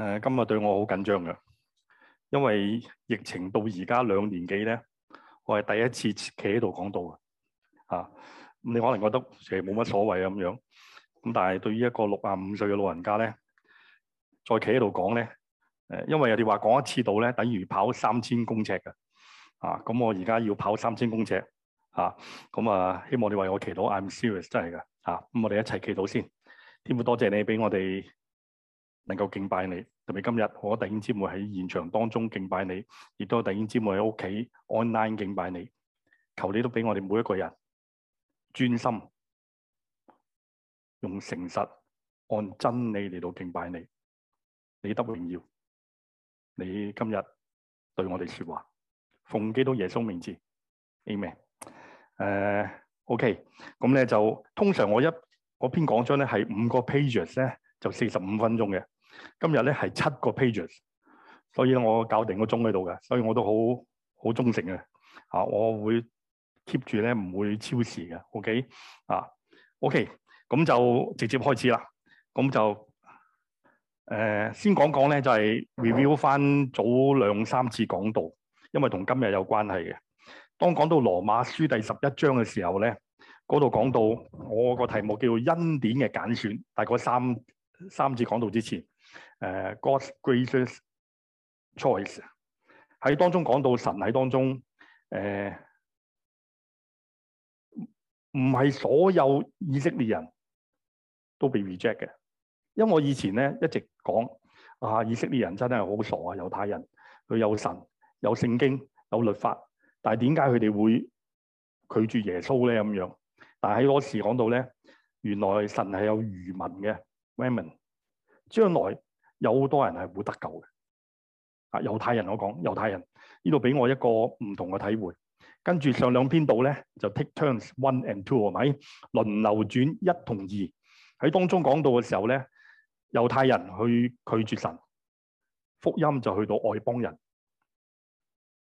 誒，今日對我好緊張嘅，因為疫情到而家兩年幾咧，我係第一次企喺度講道啊。咁你可能覺得其實冇乜所謂啊咁樣，咁但係對於一個六啊五歲嘅老人家咧，再企喺度講咧，誒，因為人哋話講一次道咧，等於跑三千公尺嘅，啊，咁我而家要跑三千公尺，啊，咁啊，希望你為我祈禱，I'm serious，真係噶，啊，咁我哋一齊祈禱先，天父多謝你俾我哋。能夠敬拜你，特別今日我弟兄姊妹喺現場當中敬拜你，亦都弟兄姊妹喺屋企 online 敬拜你，求你都俾我哋每一個人專心，用誠實按真理嚟到敬拜你，你得榮耀。你今日對我哋說話，奉基督耶穌名字 Amen。誒，OK，咁咧就通常我一嗰篇講章咧係五個 pages 咧就四十五分鐘嘅。今日咧係七個 pages，所以咧我搞定個鐘喺度嘅，所以我都好好忠誠嘅。啊，我會 keep 住咧唔會超時嘅。OK，啊，OK，咁就直接開始啦。咁就誒、呃、先講講咧，就係、是、review 翻早兩三次講道，因為同今日有關係嘅。當講到羅馬書第十一章嘅時候咧，嗰度講到我個題目叫做恩典嘅揀選，大概三三次講道之前。誒，God's gracious choice 喺當中講到神喺當中，誒、呃，唔係所有以色列人都被 reject 嘅。因為我以前咧一直講啊，以色列人真係好傻啊，猶太人佢有神、有聖經、有律法，但係點解佢哋會拒絕耶穌咧咁樣？但係喺嗰時講到咧，原來神係有餘民嘅，remnant 將來。有好多人係會得救嘅啊！猶太人我講猶太人呢度俾我一個唔同嘅體會。跟住上兩篇度咧就 take turns one and two 係咪輪流轉一同二喺當中講到嘅時候咧，猶太人去拒絕神福音就去到外邦人，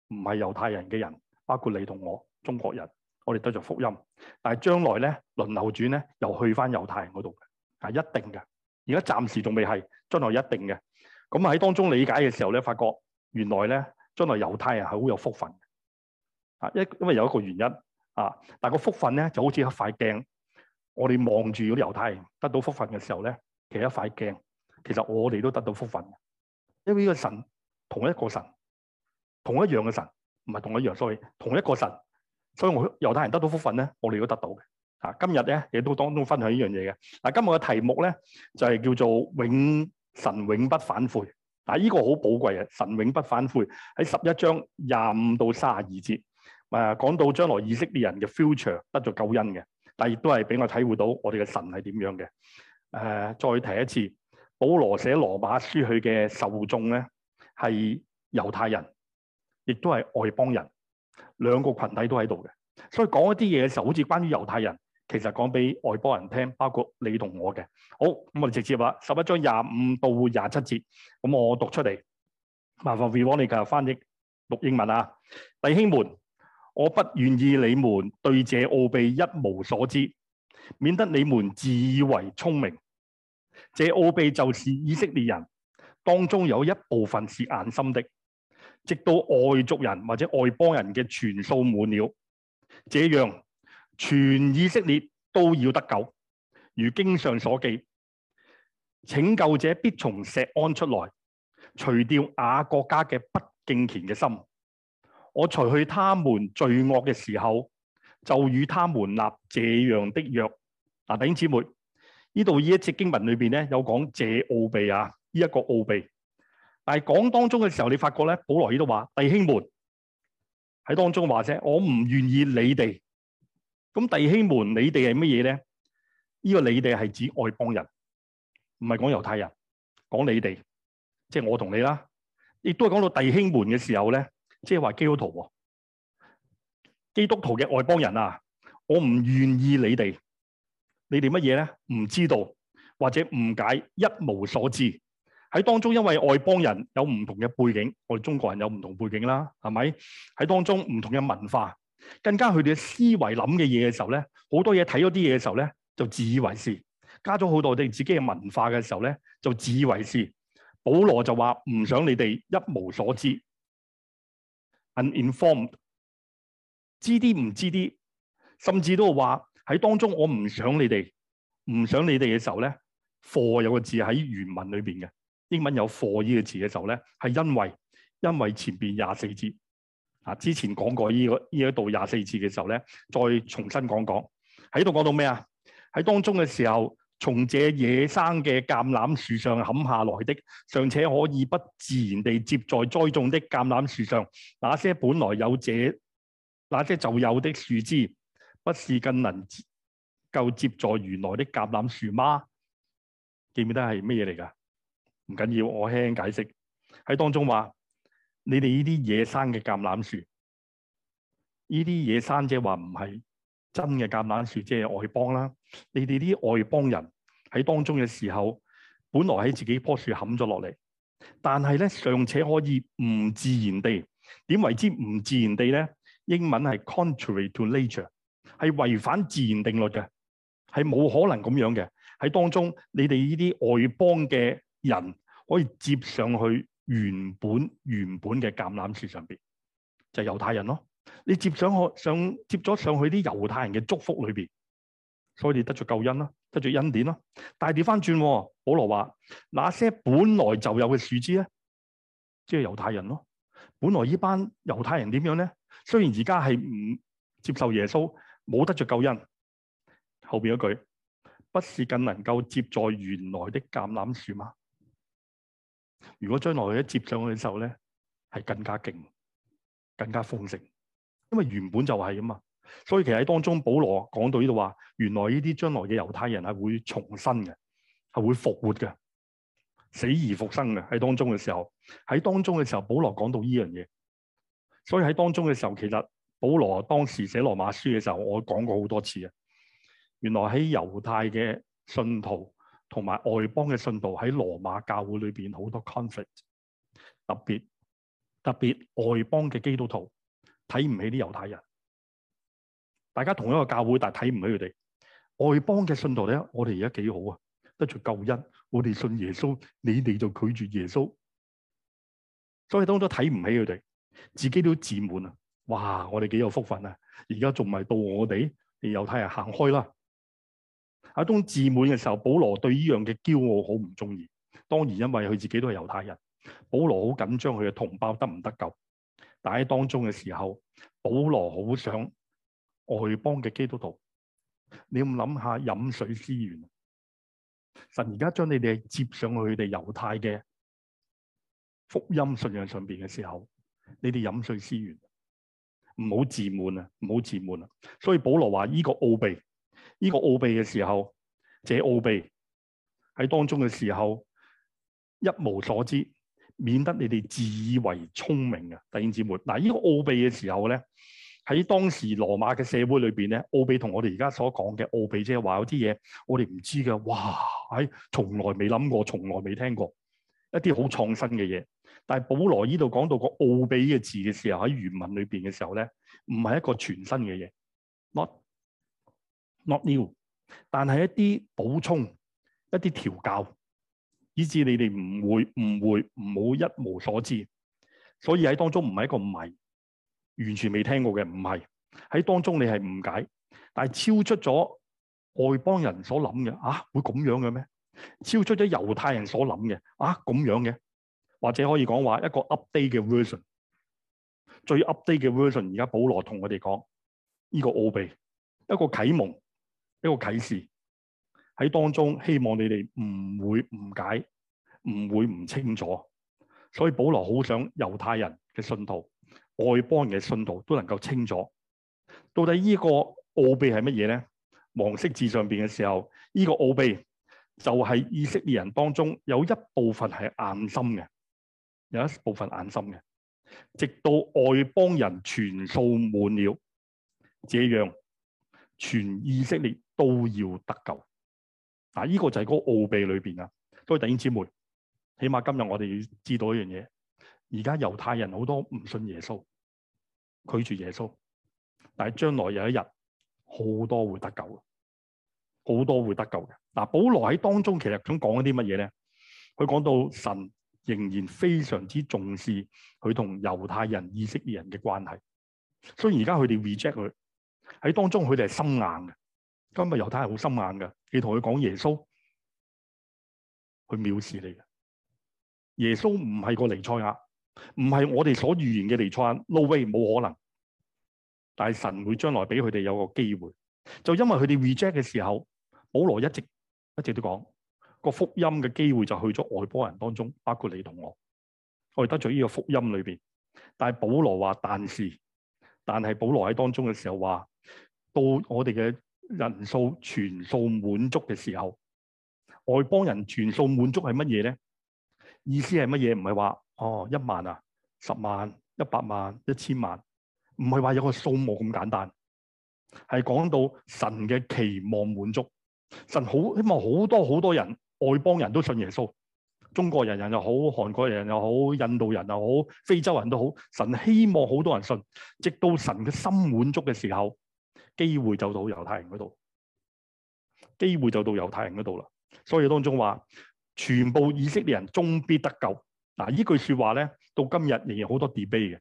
唔係猶太人嘅人，包括你同我中國人，我哋得著福音。但係將來咧輪流轉咧又去翻猶太人嗰度嘅係一定嘅。而家暫時仲未係。將來一定嘅，咁喺當中理解嘅時候咧，發覺原來咧將來猶太人係好有福分，啊，因因為有一個原因啊，但係個福分咧就好似一塊鏡，我哋望住嗰啲猶太人得到福分嘅時候咧，其實一塊鏡，其實我哋都得到福分嘅，因為呢個神同一個神，同一樣嘅神，唔係同一樣，所以同,同一個神，所以我猶太人得到福分咧，我哋都得到嘅，啊，今日咧亦都當中分享呢樣嘢嘅，嗱、啊，今日嘅題目咧就係、是、叫做永。神永不反悔，嗱呢個好寶貴啊！神永不反悔喺十一章廿五到卅二節，誒，講到將來以色列人嘅 future 得咗救恩嘅，但亦都係俾我體會到我哋嘅神係點樣嘅。誒、呃，再提一次，保羅寫羅馬書佢嘅受眾咧係猶太人，亦都係外邦人，兩個群體都喺度嘅，所以講一啲嘢嘅時候，好似關於猶太人。其實講俾外邦人聽，包括你同我嘅。好，咁我哋直接話十一章廿五到廿七節，咁我讀出嚟，麻煩 Vivian 你繼續翻譯讀英文啊！弟兄們，我不願意你們對這奧秘一無所知，免得你們自以為聰明。這奧秘就是以色列人當中有一部分是硬心的，直到外族人或者外邦人嘅全數滿了，這樣，全以色列都要得救，如經上所記：拯救者必從錫安出來，除掉雅國家嘅不敬虔嘅心。我除去他們罪惡嘅時候，就與他們立這樣的約。啊，弟兄姊妹，呢度呢一節經文裏邊咧有講借奧秘，啊，呢、這、一個奧秘。但係講當中嘅時候，你發覺咧，保羅呢都話：弟兄們喺當中話者，我唔願意你哋。咁弟兄們，你哋係乜嘢咧？呢個你哋係指外邦人，唔係講猶太人，講你哋，即係我同你啦。亦都係講到弟兄們嘅時候咧，即係話基督徒哦，基督徒嘅外邦人啊，我唔願意你哋，你哋乜嘢咧？唔知道或者誤解，一無所知。喺當中，因為外邦人有唔同嘅背景，我哋中國人有唔同背景啦，係咪？喺當中唔同嘅文化。更加佢哋嘅思維諗嘅嘢嘅時候咧，好多嘢睇咗啲嘢嘅時候咧，就自以為是；加咗好多我哋自己嘅文化嘅時候咧，就自以為是。保羅就話：唔想你哋一無所知，uninformed，知啲唔知啲，甚至都話喺當中我唔想你哋，唔想你哋嘅時候咧，for 有個字喺原文裏邊嘅，英文有 for 呢個字嘅時候咧，係因為因為前邊廿四節。啊！之前講過呢個呢一度廿四次嘅時候咧，再重新講講喺度講到咩啊？喺當中嘅時候，從這野生嘅橄欖樹上砍下來的，尚且可以不自然地接在栽種的橄欖樹上。那些本來有這那些就有的樹枝，不是更能夠接在原來的橄欖樹嗎？記唔記得係乜嘢嚟㗎？唔緊要，我輕輕解釋喺當中話。你哋呢啲野生嘅橄欖樹，呢啲野生即係話唔係真嘅橄欖樹，即係外邦啦。你哋啲外邦人喺當中嘅時候，本來喺自己棵樹冚咗落嚟，但係咧尚且可以唔自然地，點為之唔自然地咧？英文係 contrary to nature，係違反自然定律嘅，係冇可能咁樣嘅。喺當中，你哋呢啲外邦嘅人可以接上去。原本原本嘅橄欖樹上邊就係是猶太人咯，你接上去，上接咗上去啲猶太人嘅祝福裏邊，所以你得著救恩啦，得著恩典啦。但係調翻轉，保羅話那些本來就有嘅樹枝咧，即係猶太人咯。本來呢班猶太人點樣咧？雖然而家係唔接受耶穌，冇得著救恩。後邊一句不是更能夠接在原來的橄欖樹嗎？如果將來佢一接上去嘅時候咧，係更加勁，更加豐盛，因為原本就係啊嘛。所以其實喺當中，保羅講到呢度話，原來呢啲將來嘅猶太人係會重生嘅，係會復活嘅，死而復生嘅。喺當中嘅時候，喺當中嘅時候，保羅講到呢樣嘢。所以喺當中嘅時候，其實保羅當時寫羅馬書嘅時候，我講過好多次啊。原來喺猶太嘅信徒。同埋外邦嘅信徒喺羅馬教會裏面好多 conflict，特別特別，特別外邦嘅基督徒睇唔起啲猶太人，大家同一個教會，但係睇唔起佢哋。外邦嘅信徒咧，我哋而家幾好啊，得著救恩，我哋信耶穌，你哋就拒絕耶穌，所以當初睇唔起佢哋，自己都自滿啊！哇，我哋幾有福分啊！而家仲咪到我哋，猶太人行開啦。喺中當自滿嘅時候，保羅對呢樣嘅驕傲好唔中意。當然，因為佢自己都係猶太人，保羅好緊張佢嘅同胞得唔得救。但喺當中嘅時候，保羅好想外邦嘅基督徒，你唔諗下飲水思源。神而家將你哋接上去佢哋猶太嘅福音信仰上邊嘅時候，你哋飲水思源，唔好自滿啊！唔好自滿啊！所以保羅話呢、這個奧秘。呢個奧秘嘅時候，這奧秘喺當中嘅時候一無所知，免得你哋自以為聰明啊！弟兄姊妹，嗱，呢個奧秘嘅時候咧，喺當時羅馬嘅社會裏邊咧，奧秘同我哋而家所講嘅奧秘，即係話有啲嘢我哋唔知嘅。哇！喺、哎、從來未諗過，從來未聽過一啲好創新嘅嘢。但係保羅呢度講到個奧秘嘅字嘅時候，喺原文裏邊嘅時候咧，唔係一個全新嘅嘢。Not new，但係一啲補充、一啲調教，以至你哋唔會、唔會、唔好一無所知。所以喺當中唔係一個謎，完全未聽過嘅。唔係喺當中你係誤解，但係超出咗外邦人所諗嘅啊，會咁樣嘅咩？超出咗猶太人所諗嘅啊，咁樣嘅，或者可以講話一個 update 嘅 version，最 update 嘅 version 而家保羅同我哋講呢個奧秘，一個啟蒙。一個啟示喺當中，希望你哋唔會誤解，唔會唔清楚。所以保羅好想猶太人嘅信徒、外邦人嘅信徒都能夠清楚，到底呢個奧秘係乜嘢咧？黃色字上面嘅時候，呢、呢個奧秘就係以色列人當中有一部分係硬心嘅，有一部分硬心嘅，直到外邦人全數滿了，這樣。全以色列都要得救，嗱、這、呢個就係個奧秘裏邊啊。各位弟兄姊妹，起碼今日我哋要知道一樣嘢。而家猶太人好多唔信耶穌，拒絕耶穌，但係將來有一日，好多會得救，好多會得救嘅。嗱，保羅喺當中其實想講一啲乜嘢咧？佢講到神仍然非常之重視佢同猶太人、以色列人嘅關係，雖然而家佢哋 reject 佢。喺當中佢哋係心硬嘅，今日猶太係好心硬嘅。你同佢講耶穌，佢藐視你嘅。耶穌唔係個尼賽亞，唔係我哋所預言嘅尼賽亞。No way，冇可能。但係神會將來俾佢哋有個機會，就因為佢哋 reject 嘅時候，保羅一直一直都講個福音嘅機會就去咗外邦人當中，包括你同我，我哋得咗呢個福音裏邊。但係保羅話，但是。但係保羅喺當中嘅時候話，到我哋嘅人數全數滿足嘅時候，外邦人全數滿足係乜嘢咧？意思係乜嘢？唔係話哦一萬啊、十萬、一百萬、一千萬，唔係話有個數目咁簡單，係講到神嘅期望滿足。神好希望好多好多人外邦人都信耶穌。中國人人又好，韓國人又好，印度人又好，非洲人都好。神希望好多人信，直到神嘅心滿足嘅時候，機會就到猶太人嗰度，機會就到猶太人嗰度啦。所以當中話，全部以色列人終必得救。嗱、啊，依句説話咧，到今日仍然好多 debate 嘅。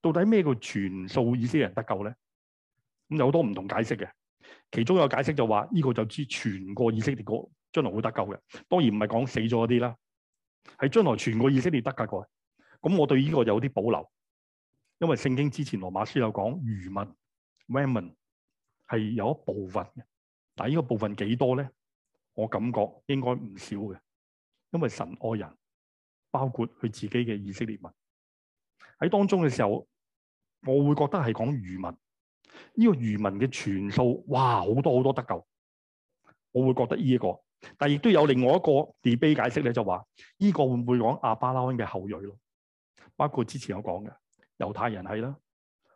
到底咩叫全數以色列人得救咧？咁有好多唔同解釋嘅。其中有解釋就話，呢、這個就知全個以色列人將來會得救嘅。當然唔係講死咗嗰啲啦。係將來全個以色列得救個，咁我對呢個有啲保留，因為聖經之前羅馬書有講餘民 remnant 係有一部分嘅，但係呢個部分幾多咧？我感覺應該唔少嘅，因為神愛人包括佢自己嘅以色列民喺當中嘅時候，我會覺得係講餘民，呢、這個餘民嘅傳數哇，好多好多得救，我會覺得呢、這、一個。但亦都有另外一個 debate 解釋咧，就話依個會唔會講亞伯拉罕嘅後裔咯？包括之前我講嘅猶太人係啦，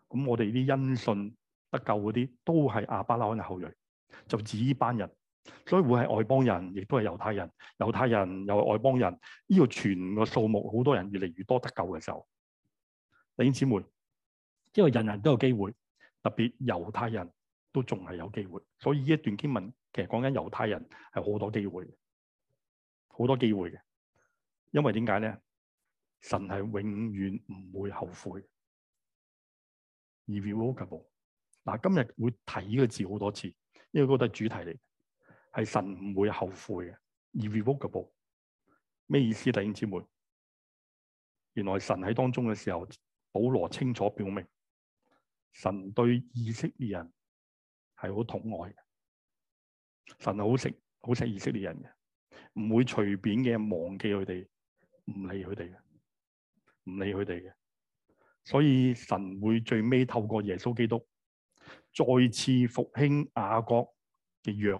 咁我哋啲因信得救嗰啲都係亞伯拉罕嘅後裔，就指呢班人，所以會係外邦人，亦都係猶太人，猶太人又係外邦人，呢個全個數目好多人越嚟越多得救嘅時候，弟兄姊妹，因為人人都有機會，特別猶太人。都仲係有機會，所以呢一段經文其實講緊猶太人係好多機會，好多機會嘅。因為點解咧？神係永遠唔會後悔。Irrevocable。嗱，今日會睇呢個字好多次，因為嗰個都係主題嚟，係神唔會後悔嘅。Irrevocable。咩意思？弟兄姊妹？原來神喺當中嘅時候，保羅清楚表明，神對以色列人。係好痛愛嘅，神係好識好識以色列人嘅，唔會隨便嘅忘記佢哋，唔理佢哋嘅，唔理佢哋嘅。所以神會最尾透過耶穌基督再次復興亞國嘅約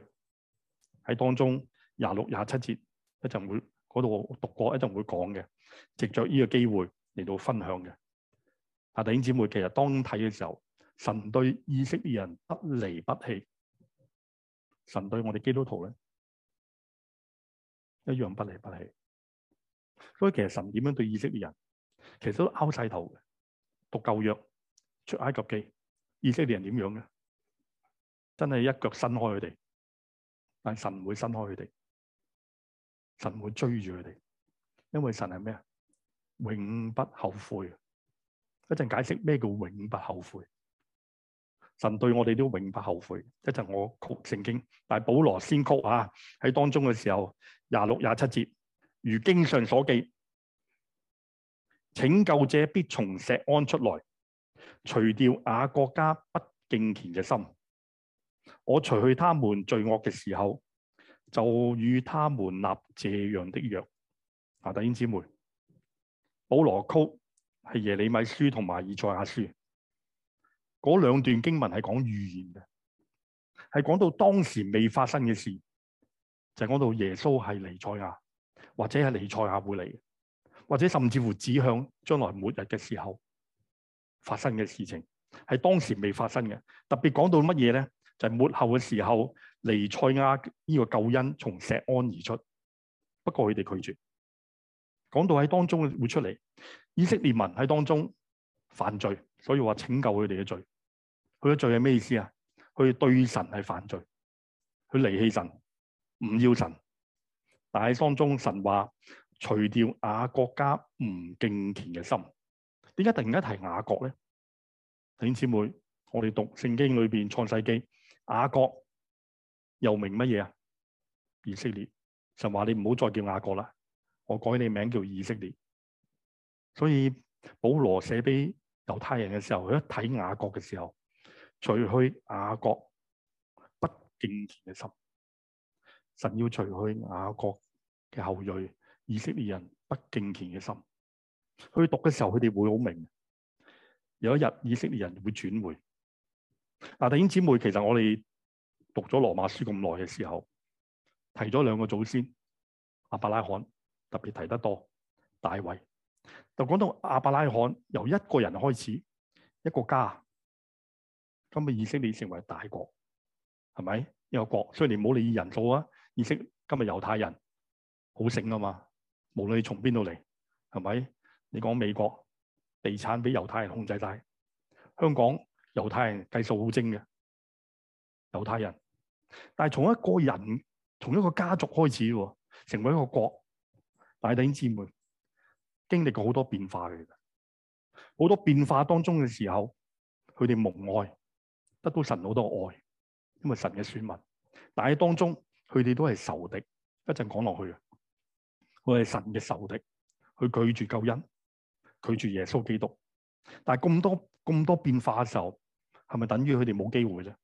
喺當中廿六廿七節，一陣會嗰度讀過一陣會，會講嘅，藉着呢個機會嚟到分享嘅。阿弟兄姊妹，其實當睇嘅時候。神對以色列人不離不棄，神對我哋基督徒咧，一樣不離不棄。所以其實神點樣對以色列人，其實都拗晒頭嘅。讀舊約、出埃及記，以色列人點樣咧？真係一腳伸開佢哋，但神唔會伸開佢哋，神會追住佢哋，因為神係咩啊？永不後悔。一陣解釋咩叫永不後悔。神對我哋都永不後悔，一陣我曲聖經，但係保羅先曲啊，喺當中嘅時候廿六廿七節，如經上所記，拯救者必從石安出來，除掉雅各家不敬虔嘅心。我除去他們罪惡嘅時候，就與他們立這樣的約。啊，弟兄姊妹，保羅曲係耶利米書同埋以賽亞書。嗰兩段經文係講預言嘅，係講到當時未發生嘅事，就係、是、講到耶穌係彌賽亞，或者係彌賽亞會嚟，或者甚至乎指向將來末日嘅時候發生嘅事情，係當時未發生嘅。特別講到乜嘢咧？就係、是、末後嘅時候，彌賽亞呢個救恩從錫安而出，不過佢哋拒絕。講到喺當中會出嚟，以色列民喺當中犯罪，所以話拯救佢哋嘅罪。佢嘅罪係咩意思啊？佢對神係犯罪，佢離棄神，唔要神。但係當中神話除掉雅各家唔敬虔嘅心。點解突然間提雅各咧？弟兄姊妹，我哋讀聖經裏邊創世記，雅各又名乜嘢啊？以色列，神話你唔好再叫雅各啦，我改你名叫以色列。所以保羅寫俾猶太人嘅時候，佢一睇雅各嘅時候。除去雅各不敬虔嘅心，神要除去雅各嘅後裔以色列人不敬虔嘅心。去讀嘅時候，佢哋會好明。有一日，以色列人會轉回。嗱、啊，弟兄姊妹，其實我哋讀咗羅馬書咁耐嘅時候，提咗兩個祖先，阿伯拉罕特別提得多，大衛。就講到阿伯拉罕由一個人開始，一個家。今日以色列成為大國，係咪一個國？雖然你唔好理人數啊！以色列今日猶太人好醒啊嘛，無論你從邊度嚟，係咪？你講美國地產俾猶太人控制晒，香港猶太人計數好精嘅，猶太人。但係從一個人，從一個家族開始，成為一個國，大鼎之門，經歷過好多變化嘅，好多變化當中嘅時候，佢哋蒙愛。得到神好多愛，因為神嘅選民，但係當中佢哋都係仇敵。一陣講落去，佢哋神嘅仇敵，去拒絕救恩，拒絕耶穌基督。但係咁多咁多變化嘅時候，係咪等於佢哋冇機會啫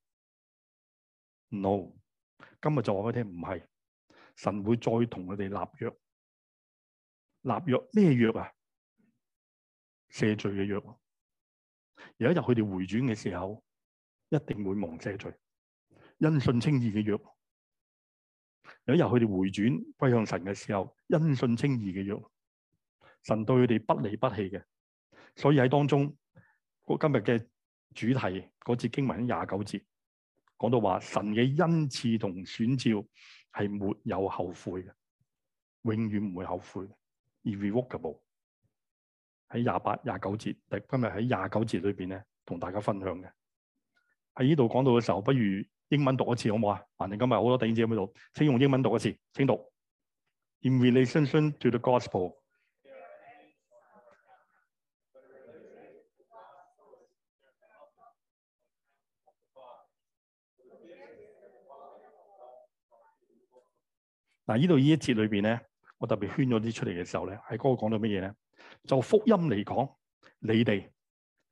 n o 今日就話俾你聽，唔係，神會再同佢哋立約，立約咩約啊？赦罪嘅約。有一日，佢哋回轉嘅時候。一定會蒙赦罪，因信稱義嘅約。有一日佢哋回轉歸向神嘅時候，因信稱義嘅約，神對佢哋不離不棄嘅。所以喺當中，今日嘅主題嗰節經文喺廿九節講到話，神嘅恩賜同選召係沒有後悔嘅，永遠唔會後悔嘅。而 irrevocable 喺廿八、廿九節，今日喺廿九節裏邊咧，同大家分享嘅。喺呢度講到嘅時候，不如英文讀一次好唔好啊？反正今日好多弟子有冇讀？請用英文讀一次。請讀。In relation to the gospel，嗱，呢度呢一節裏邊咧，我特別圈咗啲出嚟嘅時候咧，喺嗰個講到乜嘢咧？就福音嚟講，你哋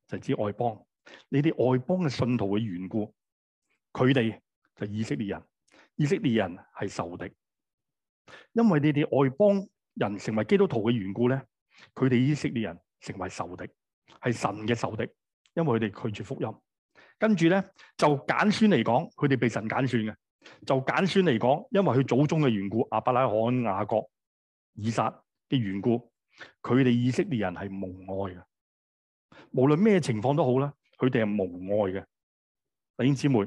就知外邦。你哋外邦嘅信徒嘅緣故，佢哋就是以色列人。以色列人係仇敵，因為你哋外邦人成為基督徒嘅緣故咧，佢哋以色列人成為仇敵，係神嘅仇敵，因為佢哋拒絕福音。跟住咧，就揀選嚟講，佢哋被神揀選嘅；就揀選嚟講，因為佢祖宗嘅緣故，亞伯拉罕、雅各、以撒嘅緣故，佢哋以色列人係蒙愛嘅。無論咩情況都好啦。佢哋係蒙愛嘅，弟兄姊妹，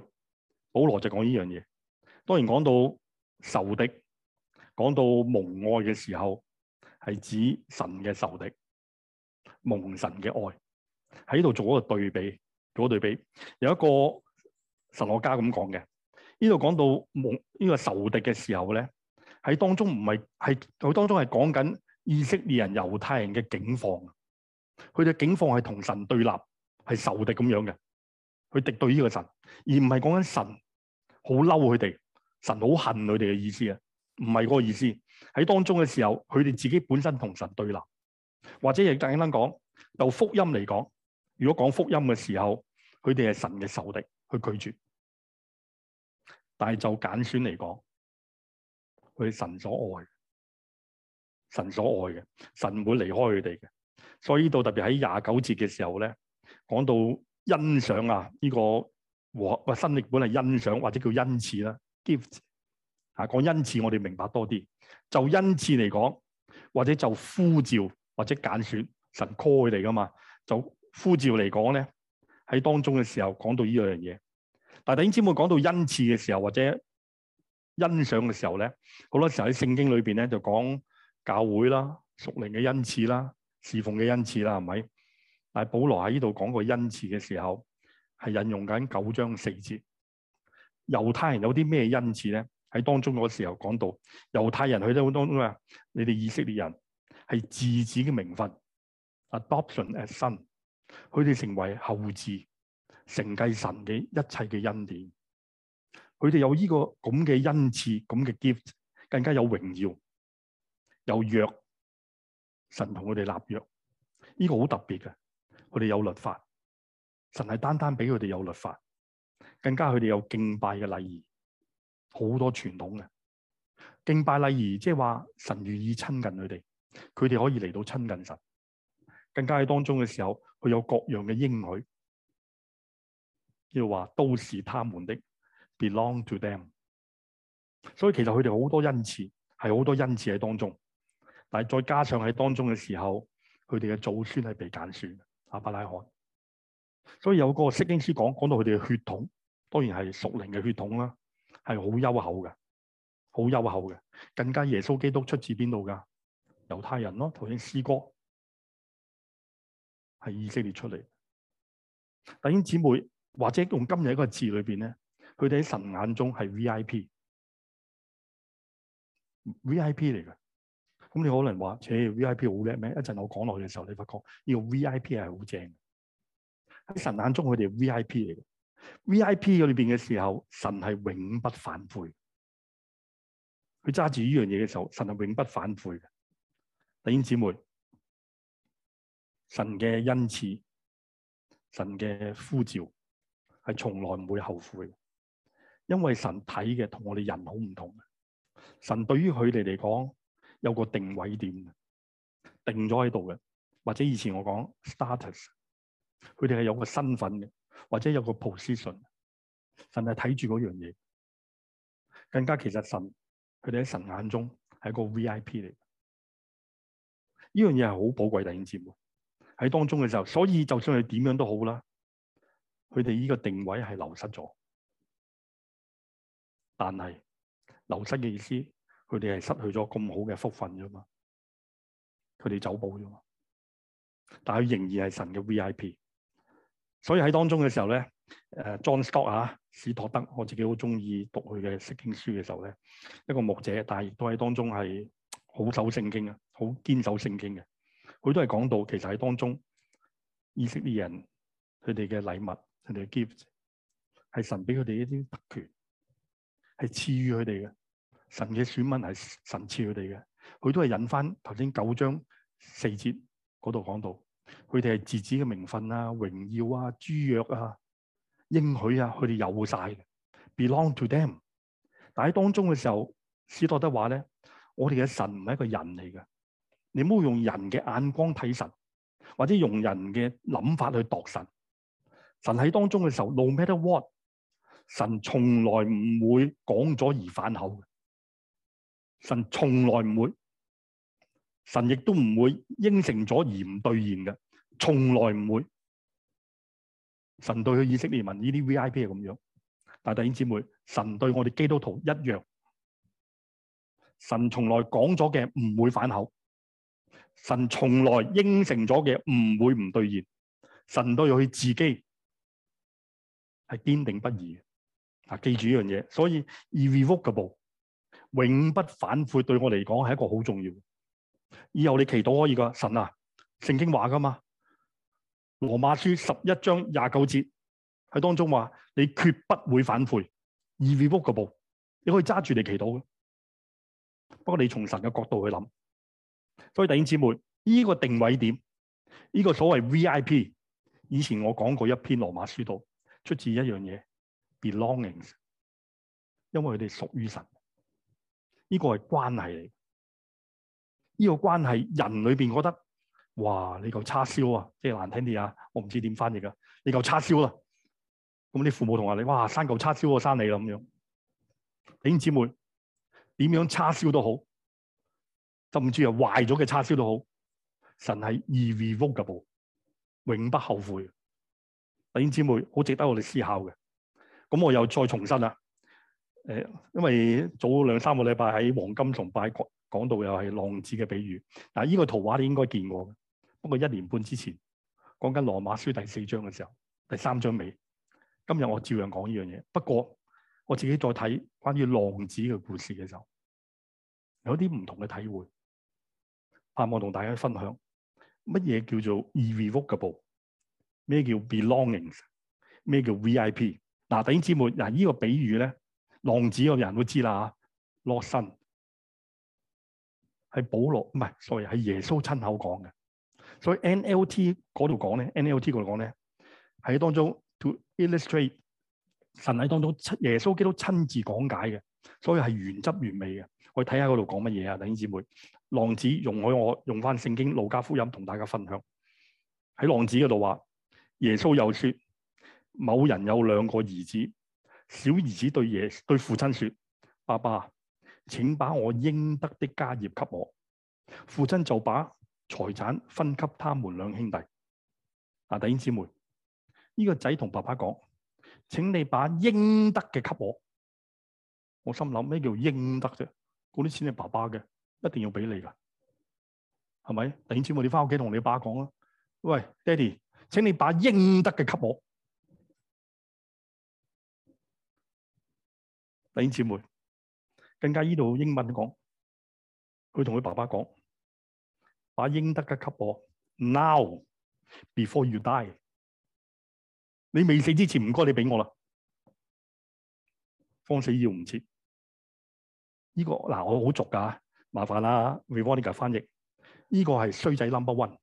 保羅就講呢樣嘢。當然講到仇敵，講到蒙愛嘅時候，係指神嘅仇敵，蒙神嘅愛。喺呢度做一個對比，做一個對比。有一個神學家咁講嘅，呢度講到蒙呢個仇敵嘅時候咧，喺當中唔係係佢當中係講緊以色列人、猶太人嘅景況。佢哋景況係同神對立。係仇敵咁樣嘅，佢敵對呢個神，而唔係講緊神好嬲佢哋，神好恨佢哋嘅意思啊，唔係嗰個意思。喺當中嘅時候，佢哋自己本身同神對立，或者亦更簡單講，就福音嚟講，如果講福音嘅時候，佢哋係神嘅仇敵，去拒絕。但係就揀選嚟講，佢係神所愛，神所愛嘅，神唔會離開佢哋嘅。所以到特別喺廿九節嘅時候咧。講到欣賞啊，呢、這個和喂新譯本係欣賞或者叫恩賜啦，gift 啊，講恩賜我哋明白多啲。就恩賜嚟講，或者就呼召或者揀選神 call 佢哋噶嘛。就呼召嚟講咧，喺當中嘅時候講到呢樣嘢。但係弟兄姊妹講到恩賜嘅時候，或者欣賞嘅時候咧，好多時候喺聖經裏邊咧就講教會啦、屬靈嘅恩賜啦、侍奉嘅恩賜啦，係咪？但係保羅喺呢度講個恩賜嘅時候，係引用緊九章四節。猶太人有啲咩恩賜咧？喺當中嗰時候講到，猶太人佢哋好多咩？你哋以色列人係嗣子嘅名分，adoption as son，佢哋成為後嗣，承繼神嘅一切嘅恩典。佢哋有呢、這個咁嘅恩賜，咁嘅 gift，更加有榮耀，有約，神同佢哋立約，呢、這個好特別嘅。佢哋有律法，神係單單俾佢哋有律法，更加佢哋有敬拜嘅禮儀，好多傳統嘅敬拜禮儀，即係話神願意親近佢哋，佢哋可以嚟到親近神。更加喺當中嘅時候，佢有各樣嘅應許，即係話都是他們的 belong to them。所以其實佢哋好多恩賜係好多恩賜喺當中，但係再加上喺當中嘅時候，佢哋嘅祖孫係被揀選。亞伯拉罕，所以有個釋經師講講到佢哋嘅血統，當然係屬靈嘅血統啦，係好優厚嘅，好優厚嘅，更加耶穌基督出自邊度㗎？猶太人咯，頭先詩歌係以色列出嚟。弟兄姊妹，或者用今日一個字裏邊咧，佢哋喺神眼中係 V I P，V I P 嚟嘅。咁你可能話，扯 V I P 好叻咩？一陣我講落去嘅時候，你發覺呢個 V I P 係好正。喺神眼中，佢哋 V I P 嚟嘅。V I P 喺裏邊嘅時候，神係永不反悔。佢揸住呢樣嘢嘅時候，神係永不反悔嘅。弟兄姊妹，神嘅恩賜，神嘅呼召，係從來唔會後悔嘅。因為神睇嘅同我哋人好唔同。神對於佢哋嚟講，有個定位點定咗喺度嘅。或者以前我講 status，佢哋係有個身份嘅，或者有個 position，神係睇住嗰樣嘢，更加其實神佢哋喺神眼中係個 VIP 嚟，呢樣嘢係好寶貴，突然間喺當中嘅時候，所以就算你點樣都好啦，佢哋呢個定位係流失咗，但係流失嘅意思。佢哋係失去咗咁好嘅福分啫嘛，佢哋走步啫嘛，但係佢仍然係神嘅 VIP，所以喺當中嘅時候咧，誒，John Stott 啊，史托德，我自己好中意讀佢嘅釋經書嘅時候咧，一個牧者，但係亦都喺當中係好守聖經啊，好堅守聖經嘅，佢都係講到，其實喺當中以色列人佢哋嘅禮物，佢哋嘅 gift，係神俾佢哋一啲特權，係賜予佢哋嘅。神嘅選民係神賜佢哋嘅，佢都係引翻頭先九章四節嗰度講到，佢哋係自子嘅名分啊、榮耀啊、諸約啊、應許啊，佢哋有晒嘅，belong to them。但喺當中嘅時候，史多德話咧，我哋嘅神唔係一個人嚟嘅，你唔好用人嘅眼光睇神，或者用人嘅諗法去度神。神喺當中嘅時候，no matter what，神從來唔會講咗而反口。神從來唔會，神亦都唔會應承咗而唔兌現嘅，從來唔會。神對佢以色列民呢啲 VIP 係咁樣，但係弟兄姊妹，神對我哋基督徒一樣，神從來講咗嘅唔會反口，神從來應承咗嘅唔會唔兌現，神對佢自己係堅定不移嘅。嗱，記住呢樣嘢，所以 irrevocable 永不反悔對我嚟講係一個好重要。以後你祈禱可以噶，神啊，聖經話噶嘛，《羅馬書》十一章廿九節喺當中話，你決不會反悔。e-book 嗰部你可以揸住你祈禱嘅。不過你從神嘅角度去諗，所以弟兄姊妹，呢、這個定位點，呢、這個所謂 VIP，以前我講過一篇《羅馬書》度，出自一樣嘢，belongings，因為佢哋屬於神。呢個係關係嚟，呢、這個關係人裏邊覺得，哇，你嚿叉燒啊，即係難聽啲啊，我唔知點翻譯啊，你嚿叉燒啦，咁啲父母同話你，哇，生嚿叉燒啊，生你啦咁樣，弟兄姊妹，點樣叉燒都好，甚至係壞咗嘅叉燒都好，神係 irrevocable，永不後悔，弟兄姊妹，好值得我哋思考嘅，咁我又再重申啦。誒，因為早兩三個禮拜喺黃金崇拜講到又係浪子嘅比喻，嗱、這、呢個圖畫你應該見過嘅。不過一年半之前講緊羅馬書第四章嘅時候，第三章尾，今日我照樣講呢樣嘢。不過我自己再睇關於浪子嘅故事嘅時候，有啲唔同嘅體會，啊，盼望同大家分享乜嘢叫做 irrevocable，咩叫 belongings，咩叫 VIP，啊。嗱，頂之末嗱呢個比喻咧。浪子嘅人都知啦嚇，羅神係保羅唔係，sorry 係耶穌親口講嘅。所以 NLT 嗰度講咧，NLT 嗰度講咧，喺當中 to illustrate 神喺當中親耶穌基督親自講解嘅，所以係原汁原味嘅。我睇下嗰度講乜嘢啊，弟兄姊妹。浪子容許我我用翻聖經路加福音同大家分享喺浪子嗰度話，耶穌又說某人有兩個兒子。小兒子對爺對父親說：爸爸，請把我應得的家業給我。父親就把財產分給他們兩兄弟。啊，弟兄姊妹，呢、這個仔同爸爸講：請你把應得嘅給我。我心諗咩叫應得啫？嗰啲錢係爸爸嘅，一定要俾你噶，係咪？弟兄姊妹，你翻屋企同你爸講啦。喂，爹哋，請你把應得嘅給我。弟兄姊妹，更加依度英文講，佢同佢爸爸講：，把應得嘅給我，Now before you die。你未死之前唔該你俾我啦，方死要唔切。呢、這個嗱、啊、我好俗噶，麻煩啦，Revonica 翻譯，呢、這個係衰仔 number one。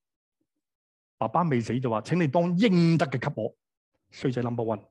爸爸未死就話：，請你當應得嘅給我，衰仔 number one。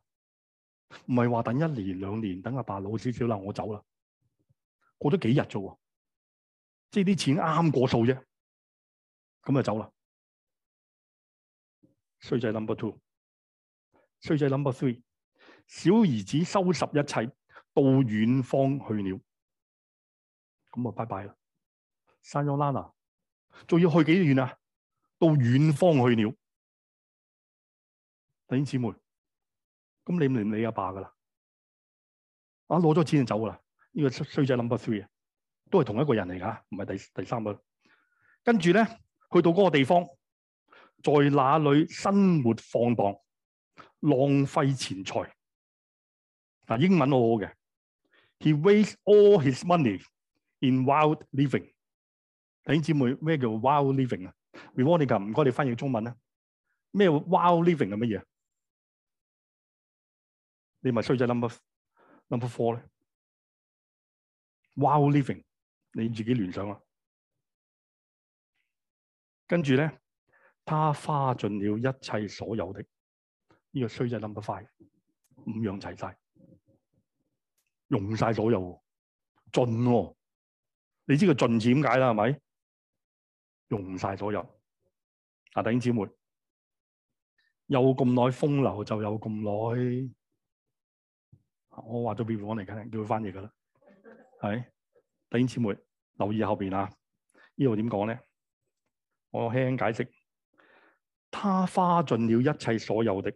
唔係話等一年兩年，等阿爸老少少啦，我走啦。過咗幾日啫，即係啲錢啱過數啫，咁就走啦。衰仔 number two，衰仔 number three，小兒子收拾一切到遠方去了，咁啊拜拜啦，sayonara，仲要去幾遠啊？到遠方去了。弟兄姊妹。咁你唔理阿爸噶啦，啊攞咗錢就走噶啦，呢、這個衰仔 number three 啊，no. 3, 都係同一個人嚟噶，唔係第第三個。跟住咧，去到嗰個地方，在那裡生活放蕩，浪費錢財。嗱、啊、英文好好嘅，He waste all his money in wild living。弟兄姊妹咩叫 wild living 啊 Rewarding 唔該你翻譯中文啊。咩 wild living 係乜嘢？你咪衰仔 number number four 咧 wild living 你自己聯想啊。跟住咧，他花盡了一切所有的呢、這個衰仔 number five，五樣齊晒，用晒所有，盡喎、哦。你知個盡字點解啦？係咪用晒所有？啊，弟兄姊妹，有咁耐風流，就有咁耐。我話咗 Bibl 講嚟緊，叫佢翻譯噶啦。係，弟兄姊妹留意後邊啊，這麼說呢度點講咧？我輕輕解釋，他花盡了一切所有的，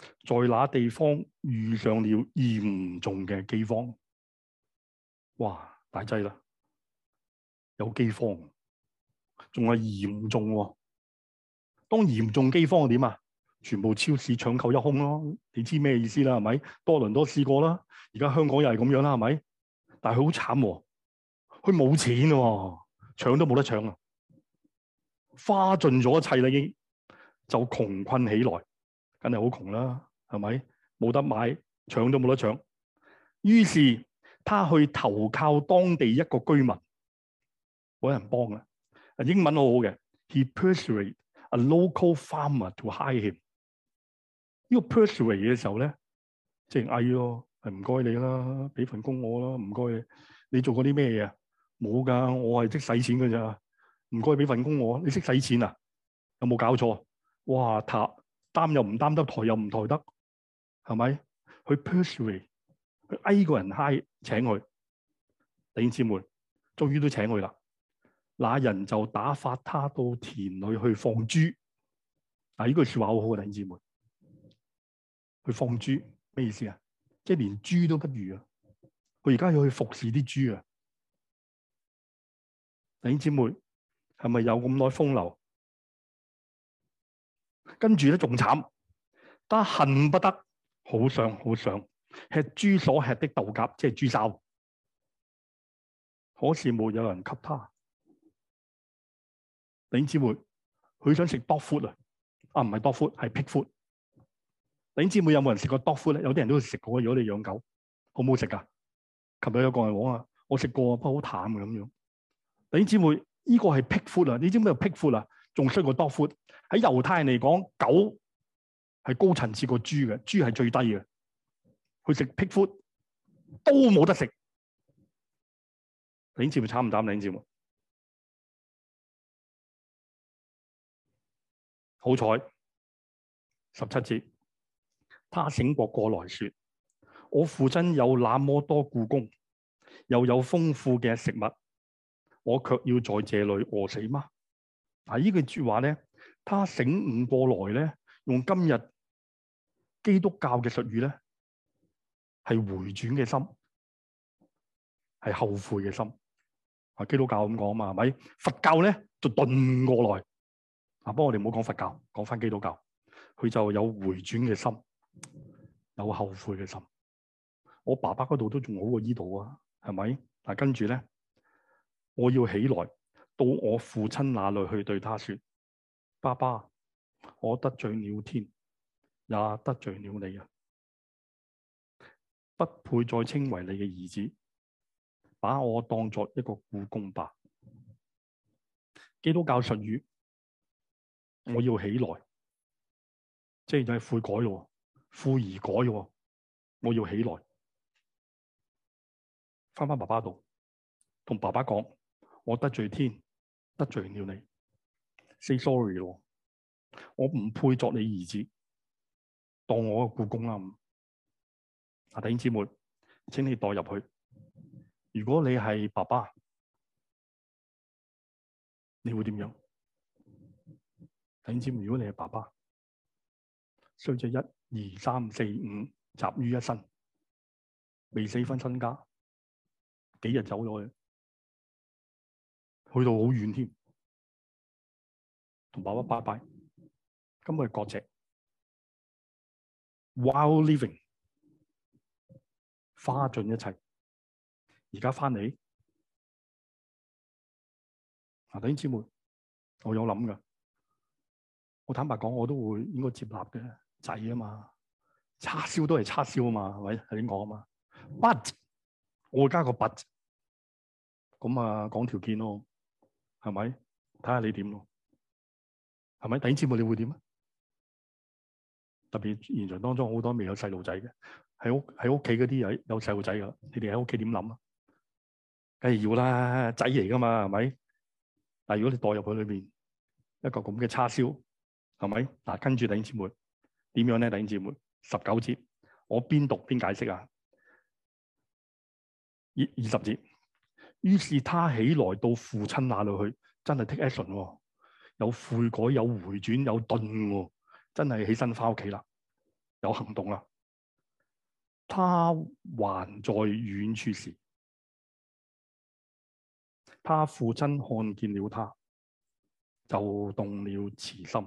在那地方遇上了嚴重嘅饑荒。哇！大劑啦，有饑荒，仲係嚴重喎。當嚴重饑荒點啊？全部超市搶購一空咯，你知咩意思啦？係咪？多倫多試過啦，而家香港又係咁樣啦，係咪？但係佢好慘喎、哦，佢冇錢喎、啊，搶都冇得搶啊，花盡咗一切啦，已經就窮困起來，梗係好窮啦，係咪？冇得買，搶都冇得搶。於是他去投靠當地一個居民，冇人幫啊。英文好好嘅，He persuaded a local farmer to hire him。呢個 persuade 嘅時候咧，即係嗌咯，係唔該你啦，俾份工我啦，唔該你。你做過啲咩嘢啊？冇噶，我係識使錢㗎咋。唔該俾份工我，你識使錢啊？有冇搞錯？哇！塔擔又唔擔得，抬又唔抬得，係咪？佢 persuade，佢嗌個人 hi 請佢。弟兄姊妹，終於都請佢啦。那人就打發他到田裏去放豬。啊，呢句説話好好，弟兄姊妹。去放豬咩意思啊？即係連豬都不如啊！佢而家要去服侍啲豬啊！林姊，姊妹係咪有咁耐風流？跟住咧仲慘，但恨不得好想好想吃豬所吃的豆莢，即係豬餸。可是沒有人給他。林姊，姊妹，佢想食 dog food 啊！啊，唔係 dog food，係 pig food。弟兄姊妹有冇人食過 dog food 咧？有啲人都食過。如果你養狗，好唔好食噶？琴日有個人講啊，我食過，不過好淡嘅咁樣。弟兄姊妹，呢個係 pig food 啦。你知唔知咩叫 pig food 啦？仲衰過 dog food。喺猶太人嚟講，狗係高層次過豬嘅，豬係最低嘅。佢食 pig food 都冇得食。弟兄姊妹，慘唔慘？弟兄姊妹，好彩，十七節。他醒覺過過來，說：我父親有那麼多僱工，又有豐富嘅食物，我卻要在這裏餓死嗎？啊！呢句說話咧，他醒悟過來咧，用今日基督教嘅術語咧，係回轉嘅心，係後悔嘅心。啊，基督教咁講啊嘛，係咪？佛教咧就遁過來。啊，不過我哋唔好講佛教，講翻基督教，佢就有回轉嘅心。有後悔嘅心，我爸爸嗰度都仲好過呢度啊，係咪？嗱，跟住咧，我要起來到我父親那裏去對他說：爸爸，我得罪了天，也得罪了你啊，不配再稱為你嘅兒子，把我當作一個僱工吧。基督教術語，我要起來，即係就係悔改咯。負而改喎。哦，我要起來，翻返爸爸度，同爸爸講，我得罪天，得罪了你，say sorry 咯。哦，我唔配作你兒子，當我嘅僱工啦。阿弟兄姊妹，請你代入去，如果你係爸爸，你會點樣？弟兄姊妹，如果你係爸爸，衰隻一。二三四五集於一身，未死分身家，幾日走咗去，去到好遠添，同爸爸拜拜。今日割席，while living，花盡一切，而家翻嚟。啊，等姊妹，我有諗噶，我坦白講，我都會應該接納嘅。仔啊嘛，叉燒都係叉燒啊嘛，係咪？係點講啊嘛、嗯、？But，我會加個 but，咁啊講條件咯，係咪？睇下你點咯，係咪？第二節目你會點啊？特別現場當中好多未有細路仔嘅，喺屋喺屋企嗰啲有有細路仔噶，你哋喺屋企點諗啊？梗係要啦，仔嚟噶嘛，係咪？但如果你代入去裏面，一個咁嘅叉燒，係咪？嗱、啊，跟住第二節目。點樣咧，弟兄姊妹，十九節，我邊讀邊解釋啊。二二十節，於是他起來到父親那裏去，真係 take action，、哦、有悔改、有回轉、有頓、哦，真係起身翻屋企啦，有行動啦。他還在遠處時，他父親看見了他，就動了慈心。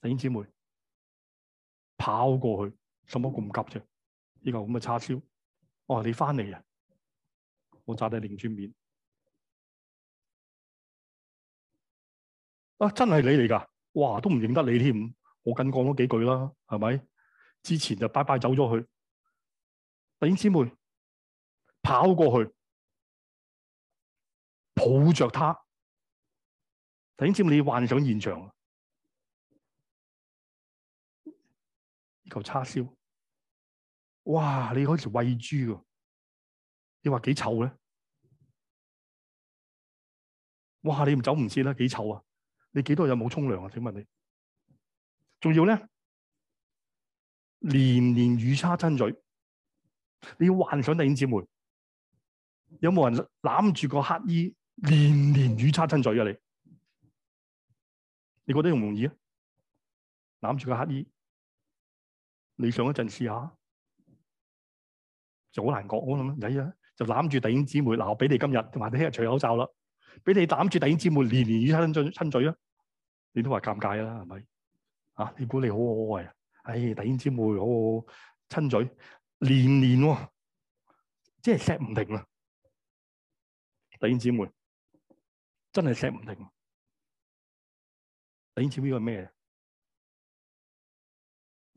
弟兄姊妹跑過去，什麼咁急啫？呢個咁嘅叉燒，哦，你翻嚟啊！我炸你擰轉面啊！真係你嚟噶？哇，都唔認得你添，我緊講咗幾句啦，係咪？之前就拜拜走咗去。弟兄姊妹跑過去，抱着他。弟兄姊妹，你幻想現場。呢嚿叉燒，哇！你嗰時餵豬喎，你話幾臭咧？哇！你唔走唔切啦，幾臭啊！你幾多日冇沖涼啊？請問你，仲要咧？年年雨叉親嘴，你要幻想，弟兄姊妹，有冇人攬住個乞衣？年年雨叉親嘴啊！你，你覺得容唔容易啊？攬住個乞衣。你上一陣試下，就好難講咯。咁樣就攬住弟兄姊妹，嗱，俾你今日同埋你聽日除口罩啦，俾你攬住弟兄姊妹，年年與親親嘴啦，你都話尷尬啦，係咪？啊，你估你好可愛啊？唉、哎，弟兄姊妹好好親嘴，年年喎，即係錫唔停啊！弟兄姊妹真係錫唔停。弟兄姊妹係咩？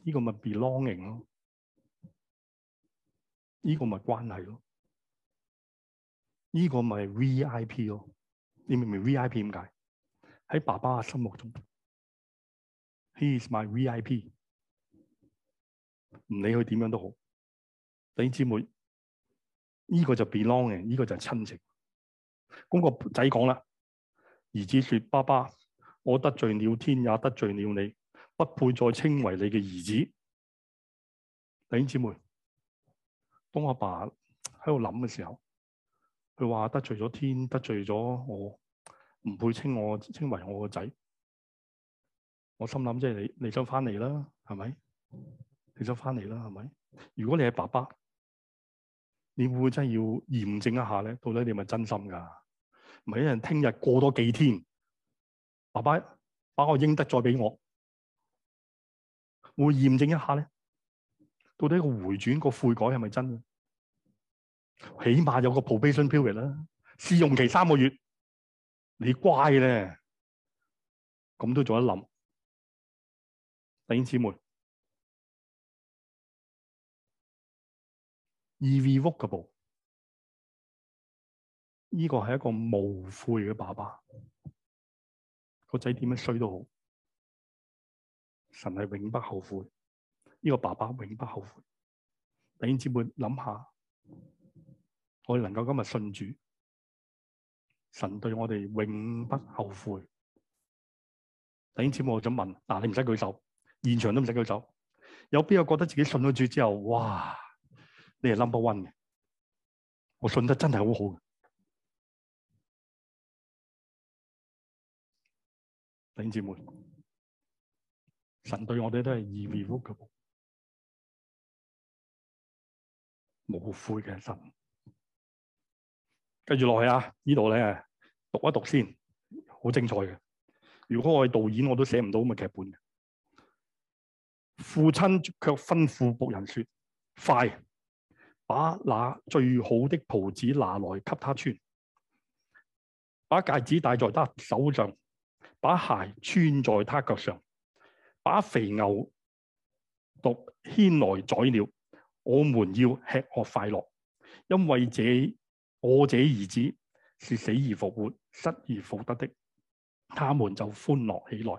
呢個咪 belonging 咯，呢個咪關係咯，呢個咪 VIP 咯，你明唔明 VIP 點解？喺爸爸嘅心目中，He is my VIP，唔理佢點樣都好。弟兄姊妹，呢個就 belonging，呢個就親情。咁個仔講啦，兒子説：爸爸，我得罪了天，也得罪了你。不配再稱為你嘅兒子，弟兄姊妹，當我爸喺度諗嘅時候，佢話得罪咗天，得罪咗我，唔配稱我稱為我個仔。我心諗，即係你，你想翻嚟啦，係咪？你想翻嚟啦，係咪？如果你係爸爸，你會唔會真係要驗證一下咧？到底你係咪真心噶？唔係一人聽日過多幾天，爸爸把我應得再俾我。會驗證一下咧，到底一個回轉個悔改係咪真嘅？起碼有個 probation period 啦，試用期三個月，你乖咧，咁都做一諗。弟兄姊妹，irrevocable 呢個係一個無悔嘅爸爸，個仔點樣衰都好。神係永不後悔，呢個爸爸永不後悔。弟兄姐妹諗下，我哋能夠今日信主，神對我哋永不後悔。弟兄姐妹，我想問，嗱，你唔使舉手，現場都唔使舉手，有邊個覺得自己信咗主之後，哇，你係 number one 嘅，我信得真係好好嘅，弟兄姊妹。神對我哋都係義無反顧。無悔嘅神。跟住落去啊，呢度咧讀一讀先，好精彩嘅。如果我係導演，我都寫唔到咁嘅劇本嘅。父親卻吩咐僕人說：快把那最好的袍子拿來給他穿，把戒指戴在他手上，把鞋穿在他腳上。把肥牛犢牽來宰了，我們要吃喝快樂，因為這我這兒子是死而復活、失而復得的，他們就歡樂起來。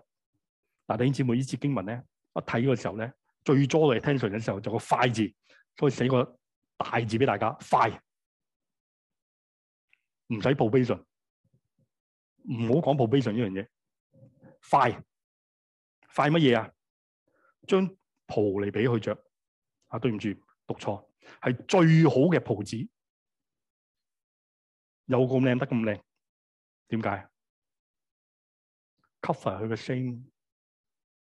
嗱，弟兄姊妹，呢節經文咧，一睇嘅時候咧，最多我 attention 嘅時候就是個快字，所以寫個大字俾大家，快，唔使 probation，唔好講 probation 呢樣嘢，快。快乜嘢啊？將袍嚟俾佢着。啊，對唔住，讀錯，係最好嘅袍子，有咁靚得咁靚，點解？cover 佢嘅聲，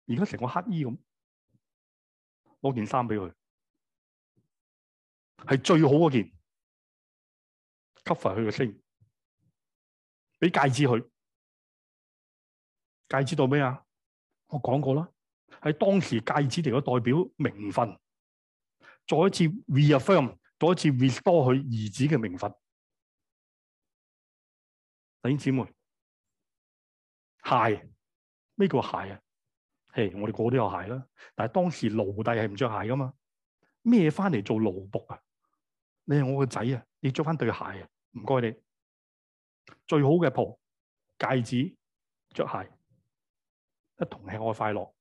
而家成個黑衣咁，攞件衫俾佢，係最好嗰件，cover 佢嘅聲，俾戒指佢，戒指到咩啊？我講過啦，喺當時戒指嚟嘅代表名分，再一次 reaffirm 再一次 restore 佢兒子嘅名分。弟兄姊妹，鞋？咩叫鞋啊？係我哋個個都有鞋啦，但係當時奴隸係唔着鞋噶嘛？咩嘢翻嚟做奴僕啊？你係我個仔啊，你着翻對鞋啊？唔該你，最好嘅袍、戒指、着鞋。一同吃我快樂，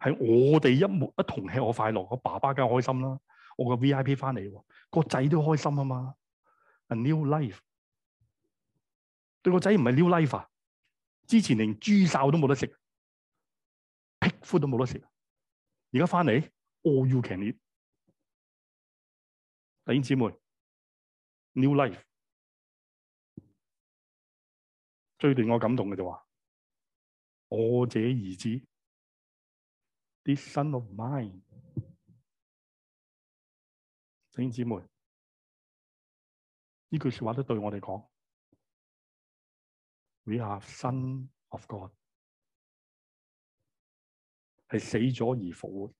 係我哋一目，一同吃我快樂，我爸爸梗係開心啦。我個 V.I.P 翻嚟喎，個仔都開心啊嘛。A、new life 對個仔唔係 new life，啊。之前連豬潲都冇得食，皮膚都冇得食，而家翻嚟 all you can eat。弟兄姊妹，new life 最令我感動嘅就話、是。我這兒子，啲 son of mine，弟兄姊妹，呢句說話都對我哋講。We have son of God，係死咗而復活，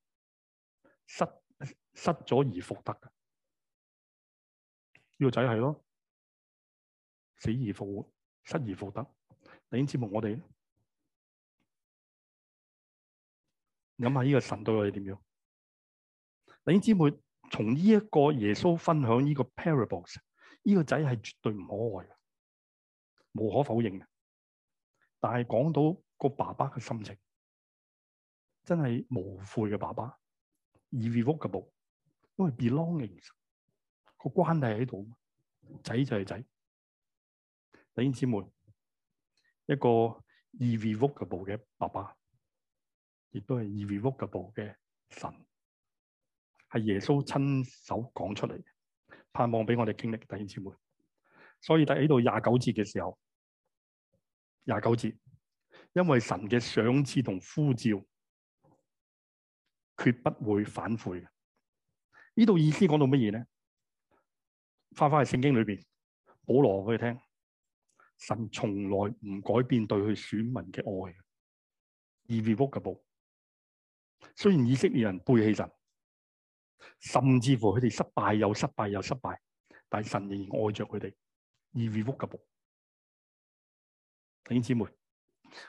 失失咗而復得嘅。呢、這個仔係咯，死而復活，失而復得。弟兄姊妹我，我哋。諗下呢個神對我哋點樣？弟兄姊妹，從呢一個耶穌分享呢個 parables，呢個仔係絕對唔可愛嘅，無可否認嘅。但係講到個爸爸嘅心情，真係無悔嘅爸爸，irrevocable，因為 belonging 個關係喺度，仔就係仔。弟兄姊妹，一個 irrevocable 嘅爸爸。亦都係 irrevocable 嘅神，係耶穌親手講出嚟嘅，盼望俾我哋經歷，弟兄姊妹。所以喺呢度廿九節嘅時候，廿九節，因為神嘅賞賜同呼召，絕不會反悔嘅。呢度意思講到乜嘢咧？翻翻去聖經裏邊，保羅俾佢聽，神從來唔改變對佢選民嘅愛 irrevocable。雖然以色列人背棄神，甚至乎佢哋失敗又失敗又失敗，但是神仍然愛着佢哋。Irrevocable，弟兄姊妹，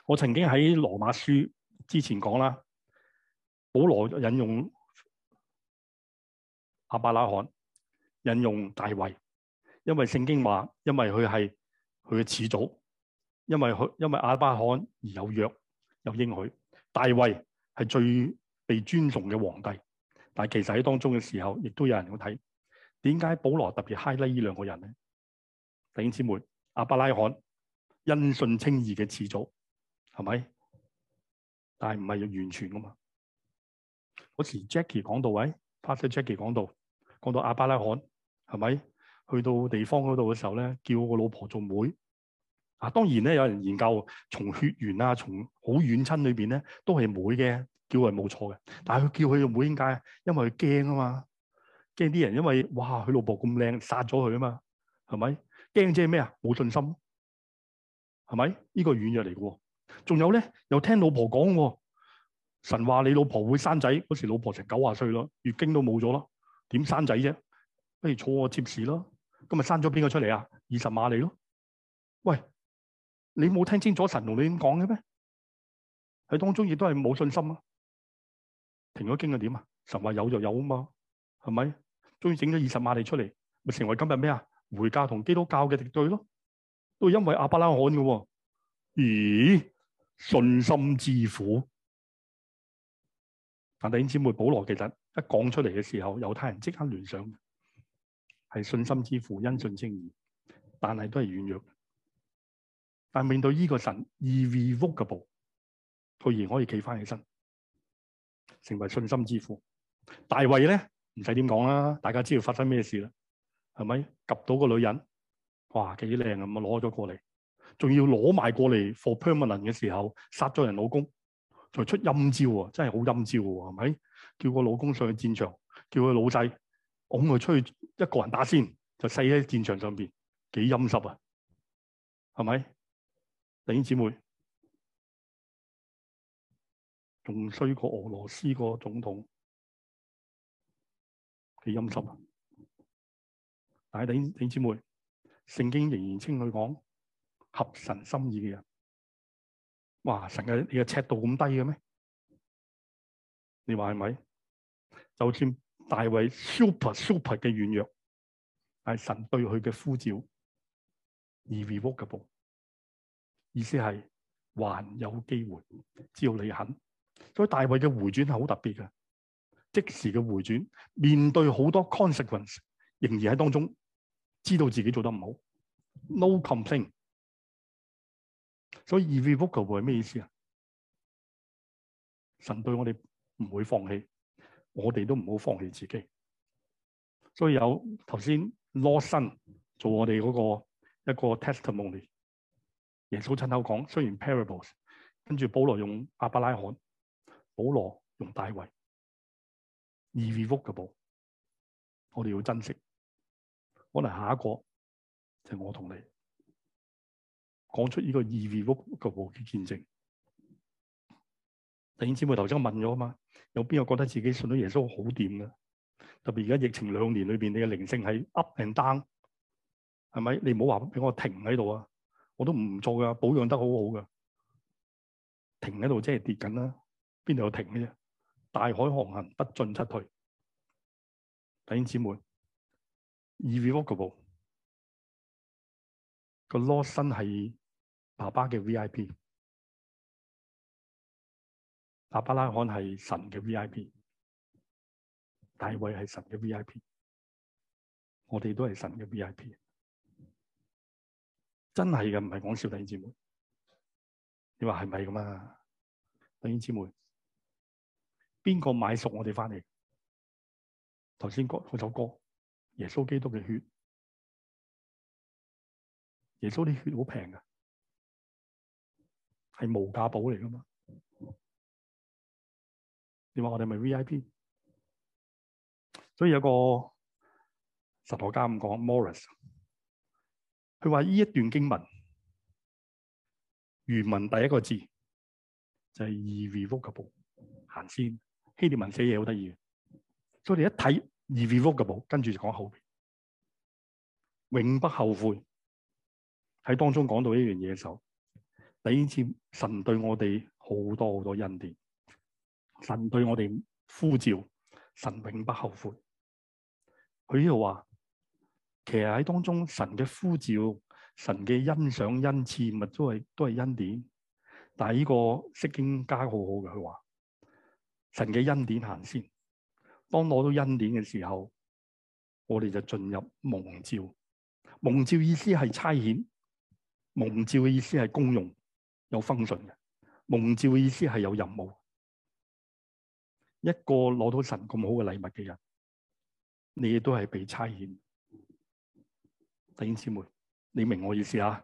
我曾經喺羅馬書之前講啦，保羅引用亞伯拉罕，引用大衛，因為聖經話，因為佢係佢嘅始祖，因為佢因為亞伯拉罕而有約，有應許。大衛係最被尊重嘅皇帝，但係其實喺當中嘅時候，亦都有人去睇點解保羅特別 highlight 呢兩個人咧？弟兄姊妹，亞伯拉罕因信稱義嘅始祖，係咪？但係唔係完全噶嘛？嗰時 Jackie 講到位，Pastor Jackie 講到，講到亞伯拉罕，係咪？去到地方嗰度嘅時候咧，叫個老婆做妹啊！當然咧，有人研究從血緣啊，從好遠親裏邊咧，都係妹嘅。叫佢冇錯嘅，但係佢叫佢又唔會，點解？因為佢驚啊嘛，驚啲人因為哇佢老婆咁靚殺咗佢啊嘛，係咪？驚即係咩啊？冇信心，係咪？這是軟來還有呢個軟弱嚟嘅。仲有咧，又聽老婆講，神話你老婆會生仔嗰時，老婆成九十歲咯，月經都冇咗咯，點生仔啫？不如坐我接士咯，咁咪生咗邊個出嚟啊？以實瑪利咯，喂，你冇聽清楚神同你點講嘅咩？喺當中亦都係冇信心啊！停咗經又點啊？神話有就有啊嘛，係咪？終於整咗二十萬哋出嚟，咪成為今日咩啊？回教同基督教嘅敵對咯，都因為阿伯拉罕嘅喎、哦。咦？信心之父。但弟兄姊妹保羅其實一講出嚟嘅時候，猶太人即刻聯想係信心之父，因信稱義，但係都係軟弱。但面對呢個神，irrevocable，佢而可以企翻起身。成為信心之父。大衛咧，唔使點講啦，大家知道發生咩事啦，係咪？及到個女人，哇幾靚啊！攞咗過嚟，仲要攞埋過嚟 for permanent 嘅時候，殺咗人老公，才出陰招喎，真係好陰招喎，係咪？叫個老公上去戰場，叫佢老細拱佢出去一個人先打先，就死喺戰場上邊，幾陰濕啊？係咪？弟兄姊妹？仲衰過俄羅斯個總統，幾陰濕啊，但係你，你姐姊妹，聖經仍然稱佢講合神心意嘅人。哇，神嘅你嘅尺度咁低嘅咩？你話係咪？就算大衛 super super 嘅軟弱，係神對佢嘅呼召，而 revocable，意思係還有機會，只要你肯。所以大衛嘅回轉係好特別嘅，即時嘅回轉，面對好多 consequence，仍然喺當中知道自己做得唔好，no complaint。所以 revival 係咩意思啊？神對我哋唔會放棄，我哋都唔好放棄自己。所以有頭先羅生做我哋嗰個一個 testimony。耶穌親口講，雖然 parables，跟住保羅用阿伯拉罕。保羅同大衛，二、e、v o 嘅布，我哋要珍惜。可能下一個就係我同你講出呢個二、e、v o 嘅布嘅見證。弟兄姊妹頭先問咗啊嘛，有邊個覺得自己信咗耶穌好掂嘅？特別而家疫情兩年裏邊，你嘅靈性係 up and down，係咪？你唔好話俾我停喺度啊，我都唔做噶，保養得好好噶。停喺度即係跌緊啦。邊度有停嘅啫？大海航行不進則退。弟兄姊妹，Evocable 個羅生係爸爸嘅 V.I.P. 阿爸拉罕係神嘅 V.I.P. 大衛係神嘅 V.I.P. 我哋都係神嘅 V.I.P. 真係嘅，唔係講笑。弟兄姊妹，你話係咪咁啊？弟兄姊妹。邊個買贖我哋翻嚟？頭先嗰首歌，耶穌基督嘅血，耶穌啲血好平噶，係無價寶嚟噶嘛？你話我哋咪 VIP？所以有個神學家咁講，Morris，佢話呢一段經文原文第一個字就係、是、易、e、readable，行先。希臘文寫嘢好得意，嘅，所以你一睇《E V b o a b l e 跟住就講後邊，永不後悔。喺當中講到呢樣嘢嘅時候，你知神對我哋好多好多恩典，神對我哋呼召，神永不後悔。佢呢度話，其實喺當中神嘅呼召、神嘅欣賞、恩賜，乜都係都係恩典。但係呢個釋經家好好嘅，佢話。神嘅恩典行先，當攞到恩典嘅時候，我哋就進入蒙召。蒙召意思係差遣，蒙召嘅意思係公用，有分信嘅。蒙召嘅意思係有任務。一個攞到神咁好嘅禮物嘅人，你亦都係被差遣。弟兄姊妹，你明我意思啊？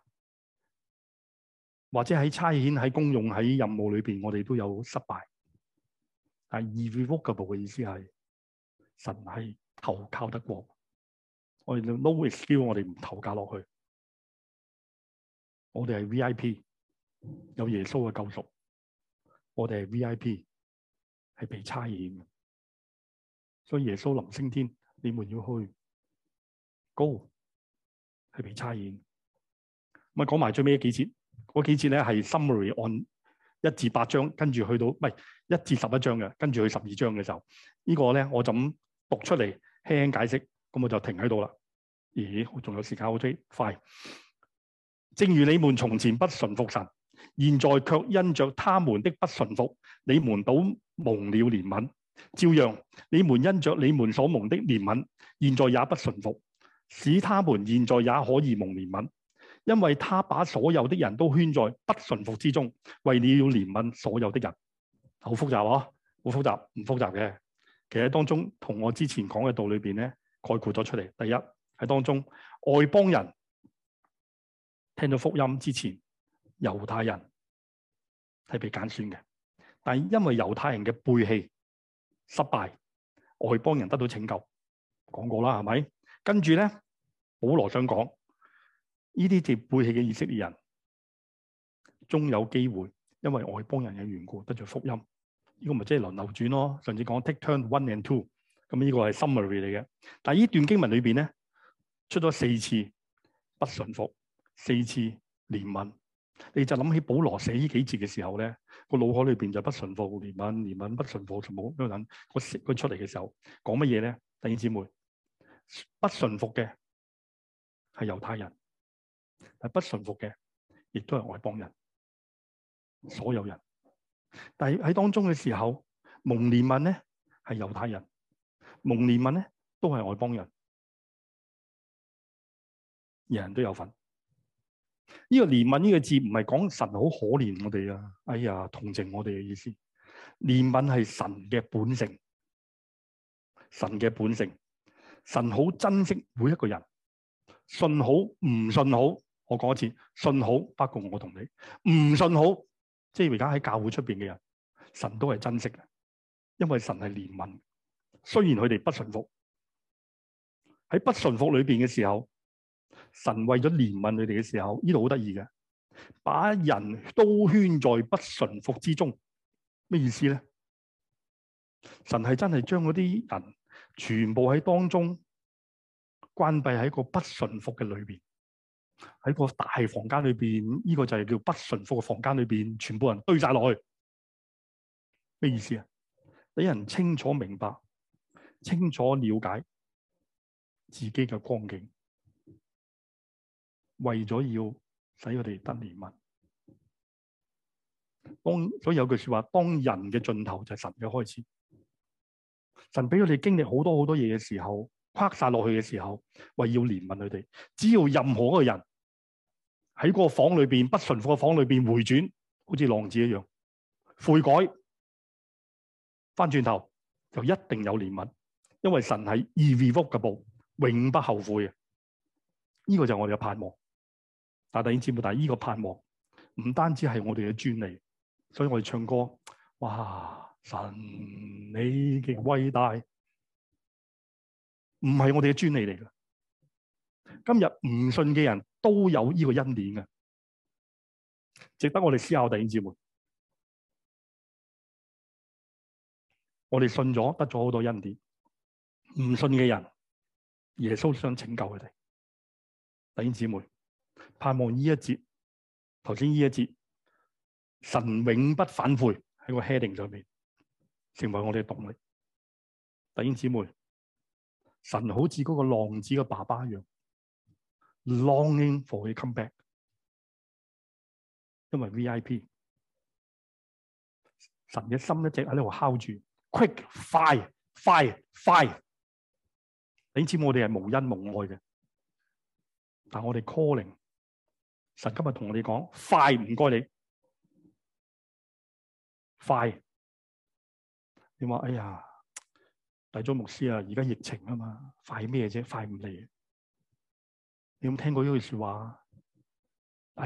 或者喺差遣、喺公用、喺任務裏邊，我哋都有失敗。但 irrevocable 嘅意思係神係投靠得過，我哋 low risk，我哋唔投靠落去，我哋係 VIP，有耶穌嘅救贖，我哋係 VIP，係被差遣嘅，所以耶穌臨升天，你們要去，go，係被差遣。咁啊，講埋最尾幾節，嗰幾節咧係 summary on。一至八章，跟住去到唔係一至十一章嘅，跟住去十二章嘅時候，這個、呢個咧，我就咁讀出嚟，輕輕解釋，咁我就停喺度啦。咦，仲有時間，OK 快。OK，正如你們從前不順服神，現在卻因着他們的不順服，你們倒蒙了憐憫；照樣，你們因着你們所蒙的憐憫，現在也不順服，使他們現在也可以蒙憐憫。因為他把所有的人都圈在不順服之中，為了要憐憫所有的人，好複雜啊！好複雜，唔複雜嘅。其實在當中同我之前講嘅道理裏邊咧，概括咗出嚟。第一喺當中，外邦人聽到福音之前，猶太人係被揀選嘅，但係因為猶太人嘅背棄、失敗，外邦人得到拯救。講過啦，係咪？跟住咧，保羅想講。呢啲接背棄嘅以色列人，終有機會，因為外邦人嘅緣故得著福音。呢、這個咪即係輪流轉咯。上次講 take turn one and two，咁呢個係 summary 嚟嘅。但係呢段經文裏邊咧，出咗四次不順服，四次憐憫。你就諗起保羅寫呢幾節嘅時候咧，個腦海裏邊就不順服、憐憫、憐憫、不順服就冇呢個人。我寫佢出嚟嘅時候講乜嘢咧？弟兄姊妹，不順服嘅係猶太人。係不順服嘅，亦都係外邦人，所有人。但係喺當中嘅時候，蒙憐憫呢係猶太人，蒙憐憫呢都係外邦人，人人都有份。呢、這個憐憫呢個字唔係講神好可憐我哋啊，哎呀同情我哋嘅意思。憐憫係神嘅本性，神嘅本性，神好珍惜每一個人，信好唔信好。我講一次，信好包括不過我同你唔信好，即係而家喺教會出邊嘅人，神都係珍惜嘅，因為神係憐憫。雖然佢哋不順服，喺不順服裏邊嘅時候，神為咗憐憫佢哋嘅時候，呢度好得意嘅，把人都圈在不順服之中。咩意思咧？神係真係將嗰啲人全部喺當中關閉喺個不順服嘅裏邊。喺個大房間裏邊，呢、這個就係叫不純福嘅房間裏邊，全部人堆晒落去，咩意思啊？俾人清楚明白，清楚了解自己嘅光景，為咗要使佢哋得憐憫。當所以有句說話，當人嘅盡頭就係神嘅開始。神俾佢哋經歷好多好多嘢嘅時候。誇晒落去嘅時候，為要憐憫佢哋。只要任何一個人喺嗰個房裏邊，不順服嘅房裏邊回轉，好似浪子一樣悔改，翻轉頭就一定有憐憫，因為神係義未復嘅部，永不後悔嘅。呢、呢個就是我哋嘅盼望。大家已經知，知道，但係呢個盼望唔單止係我哋嘅專利，所以我哋唱歌，哇！神你嘅偉大。唔係我哋嘅專利嚟㗎，今日唔信嘅人都有呢個恩典嘅，值得我哋思考。弟兄姊妹，我哋信咗得咗好多恩典，唔信嘅人,耶穌想拯救佢哋。弟兄姊妹，盼望呢一節，頭先呢一節，神永不反悔喺個 heading 上面，成為我哋嘅動力。弟兄姊妹。神好似嗰個浪子嘅爸爸一樣，longing for a comeback，因為 VIP，神嘅心一直喺呢度敲住，quick 快快快，你知冇？我哋係無恩無愛嘅，但係我哋 calling，神今日同我哋講快，唔該你快，你話哎呀～大鐘牧師啊，而家疫情啊嘛，快咩啫？快唔嚟？你有冇聽過呢句說話？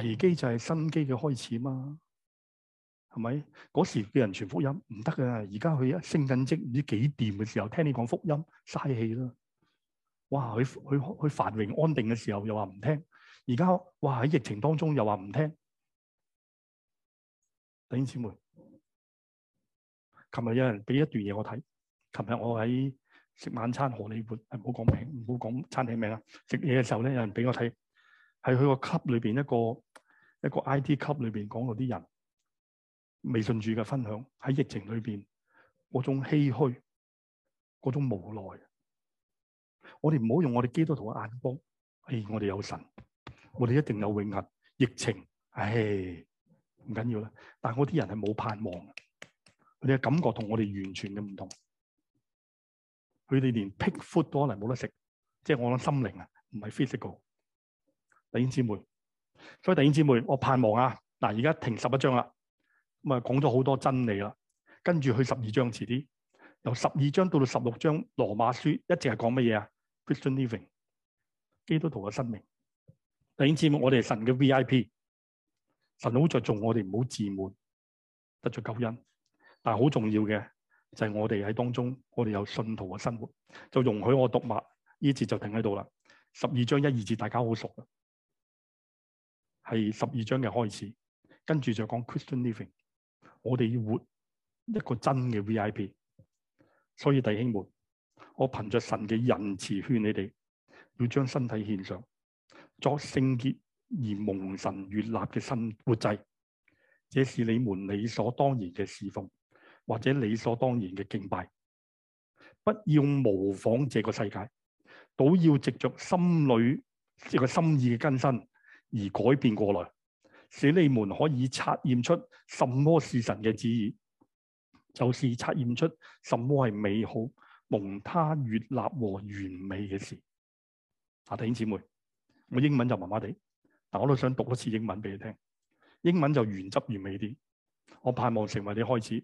危機就係新機嘅開始嘛，係咪？嗰時嘅人傳福音唔得嘅，而家佢一升緊職唔知幾掂嘅時候，聽你講福音，嘥氣啦！哇，佢佢佢繁榮安定嘅時候又話唔聽，而家哇喺疫情當中又話唔聽。弟兄姊妹，琴日有人俾一段嘢我睇。琴日我喺食晚餐，荷里活，唔好講名，唔好講餐廳名啊！食嘢嘅時候咧，有人俾我睇，喺佢個級裏邊一個一個 IT 級裏邊講到啲人未信主嘅分享，喺疫情裏邊嗰種唏嘘，嗰種無奈。我哋唔好用我哋基督徒嘅眼光，哎，我哋有神，我哋一定有永恒。疫情，唉、哎，唔緊要啦。但係我啲人係冇盼望，佢哋嘅感覺同我哋完全嘅唔同。佢哋連 pick food 都可能冇得食，即係我諗心靈啊，唔係 physical。弟兄姊妹，所以弟兄姊妹，我盼望啊。嗱，而家停十一章啦，咁啊講咗好多真理啦，跟住去十二章，遲啲由十二章到到十六章，《羅馬書》一直係講乜嘢啊？Christian living，基督徒嘅生命。弟兄姊妹，我哋係神嘅 VIP，神好着重我哋，唔好自滿，得咗救恩，但係好重要嘅。就係我哋喺當中，我哋有信徒嘅生活，就容許我讀埋呢節就停喺度啦。十二章一二節大家好熟，係十二章嘅開始，跟住就講 Christian living，我哋要活一個真嘅 VIP。所以弟兄們，我憑着神嘅仁慈勸你哋，要將身體獻上，作聖潔而蒙神悅納嘅身活祭，這是你們理所當然嘅侍奉。或者理所當然嘅敬拜，不要模仿這個世界，倒要藉着心裏一個心意嘅更新而改變過來，使你們可以察驗出什麼是神嘅旨意，就是察驗出什麼係美好、蒙他悅納和完美嘅事。阿、啊、弟兄姊妹，我英文就麻麻地，但我都想讀一次英文俾你聽，英文就原汁原味啲。我盼望成為你開始。